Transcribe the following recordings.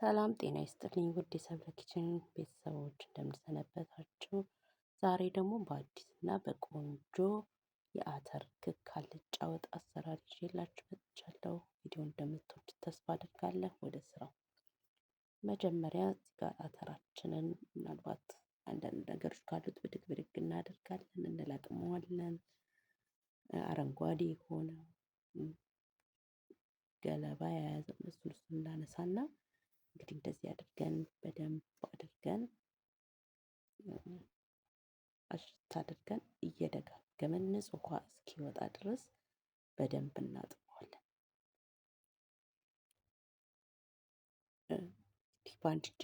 ሰላም ጤና ይስጥልኝ ውድ የሰብለ ኪችን ቤተሰቦች እንደምንሰነበታችሁ። ዛሬ ደግሞ በአዲስና በቆንጆ የአተር ክክ አልጫ ወጥ አሰራር ይዤላችሁ መጥቻለሁ። ቪዲዮ እንደምትወዱት ተስፋ አድርጋለሁ። ወደ ስራው መጀመሪያ ጋር አተራችንን ምናልባት አንዳንድ ነገሮች ካሉት ብድግ ብድግ እናደርጋለን፣ እንለቅመዋለን። አረንጓዴ የሆነ ገለባ የያዘ እሱን እሱን እናነሳና እንግዲህ እንደዚህ አድርገን በደንብ አድርገን አሽት አድርገን እየደጋገመን ንጹህ ውሃ እስኪወጣ ድረስ በደንብ እናጥበዋለን። በአንድ እጄ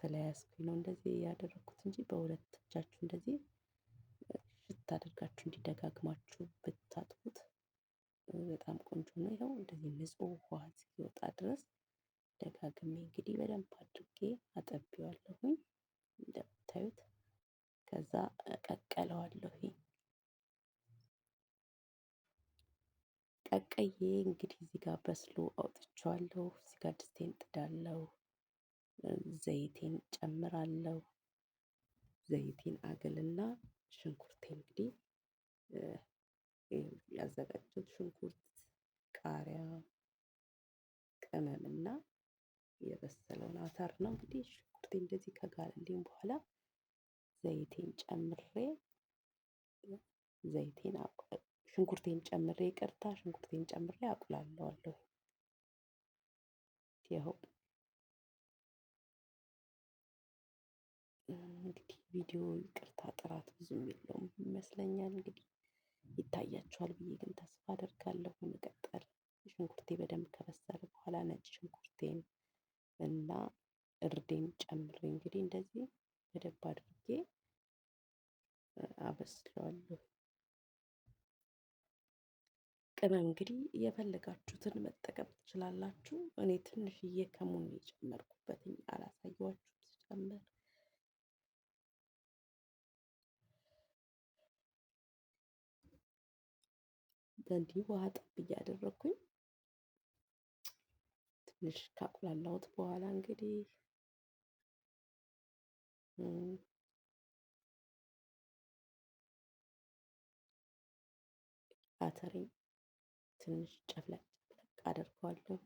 ስለያዝኩኝ ነው እንደዚህ ያደረኩት እንጂ በሁለት እጃችሁ እንደዚህ ሽት አድርጋችሁ እንዲደጋግማችሁ ብታጥቡት በጣም ቆንጆ ነው። ይኸው እንደዚህ ንጹህ ውሃ እስኪወጣ ድረስ ደጋግሜ እንግዲህ በደንብ አድርጌ አጠቢዋለሁኝ እንደምታዩት ከዛ ቀቀለዋለሁኝ። ቀቀዬ እንግዲህ እዚህ ጋር በስሎ አውጥቼዋለሁ። እዚህ ጋር ድስቴን ጥዳለሁ። ዘይቴን ጨምራለሁ። ዘይቴን አገልና ሽንኩርቴ እንግዲህ ያዘጋጀሁት ሽንኩርት የበሰለውን አተር ነው እንግዲህ ሽንኩርቴ እንደዚህ ከጋለልኝ በኋላ ዘይቴን ጨምሬ ዘይቴን ሽንኩርቴን ጨምሬ ይቅርታ ሽንኩርቴን ጨምሬ አቁላለዋለሁ። ይኸው እንግዲህ ቪዲዮ ይቅርታ ጥራት ብዙም የለውም ይመስለኛል። እንግዲህ ይታያችኋል ብዬ ግን ተስፋ አደርጋለሁ። እንቀጥል። ሽንኩርቴ በደንብ ከበሰለ በኋላ ነጭ ሽንኩርቴን ይመስላሉ። ቅመም እንግዲህ የፈለጋችሁትን መጠቀም ትችላላችሁ። እኔ ትንሽዬ ከሙን የጨመርኩበትኝ አላሳየዋችሁ ስጨምር። እንዲህ ውሃ ጠብ እያደረግኩኝ ትንሽ ካቁላላሁት በኋላ እንግዲህ አተሬን ትንሽ ጨፍለቅ ጨፍለቅ አደርገዋለሁ።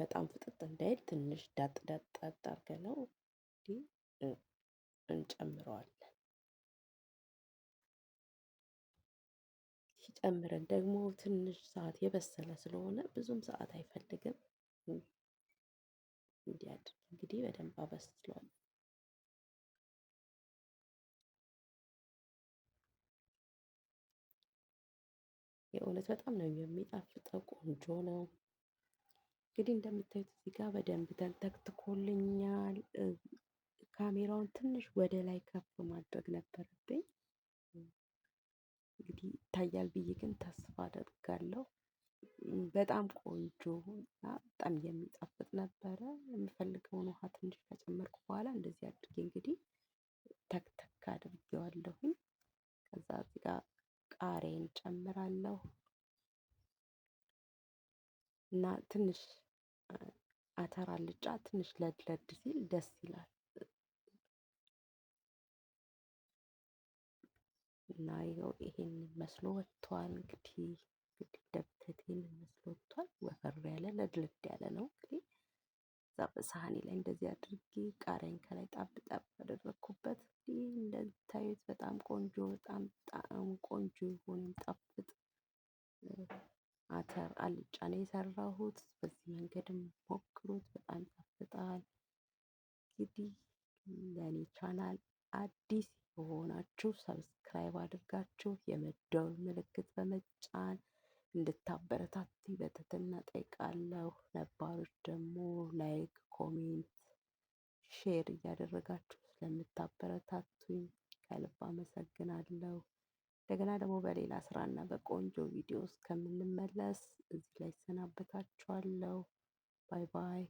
በጣም ፍጥጥ እንዳይል ትንሽ ዳጥ ዳጥ አድርገ ነው እንጨምረዋለን። ሲጨምረን ደግሞ ትንሽ ሰዓት የበሰለ ስለሆነ ብዙም ሰዓት አይፈልግም። እንዲያድር እንግዲህ በደንብ አበስለዋለሁ። የእውነት በጣም ነው የሚጣፍጠው። ቆንጆ ነው። እንግዲህ እንደምታዩት እዚህ ጋር በደንብ ተንተክትኮልኛል። ካሜራውን ትንሽ ወደ ላይ ከፍ ማድረግ ነበረብኝ። እንግዲህ ይታያል ብዬ ግን ተስፋ አደርጋለሁ። በጣም ቆንጆ እና በጣም የሚጣፍጥ ነበረ። የምፈልገውን ውሃ ትንሽ ከጨመርኩ በኋላ እንደዚህ አድርጌ እንግዲህ ጨምራለሁ እና ትንሽ አተር አልጫ ትንሽ ለድለድ ሲል ደስ ይላል። እና ይኸው ይሄን መስሎ ወጥቷል እንግዲህ እንግዲህ ደብተቴን መስሎ ወጥቷል ወፈር ያለ ለድለድ ያለ ነው እንግዲህ እዛ በሳህኔ ላይ እንደዚህ አድርጌ ቃሪያን ከላይ ጣብ ጣብ አደረግኩበት። ይህ እንደምታዩት በጣም ቆንጆ በጣም በጣም ቆንጆ የሆነ ጣፍጥ አተር አልጫ ነው የሰራሁት። በዚህ መንገድም ሞክሩት፣ በጣም ይጣፍጣል። እንግዲህ ለእኔ ቻናል አዲስ የሆናችሁ ሰብስክራይብ አድርጋችሁ የመደወል ምልክት በመጫን እንድታበረታቱ በትህትና ጠይቃለሁ። ነባሮች ደግሞ ላይክ፣ ኮሜንት፣ ሼር እያደረጋችሁ ስለምታበረታቱኝ ከልብ አመሰግናለሁ። እንደገና ደግሞ በሌላ ስራና በቆንጆ ቪዲዮ እስከምንመለስ እዚህ ላይ እሰናበታችኋለሁ። ባይ ባይ።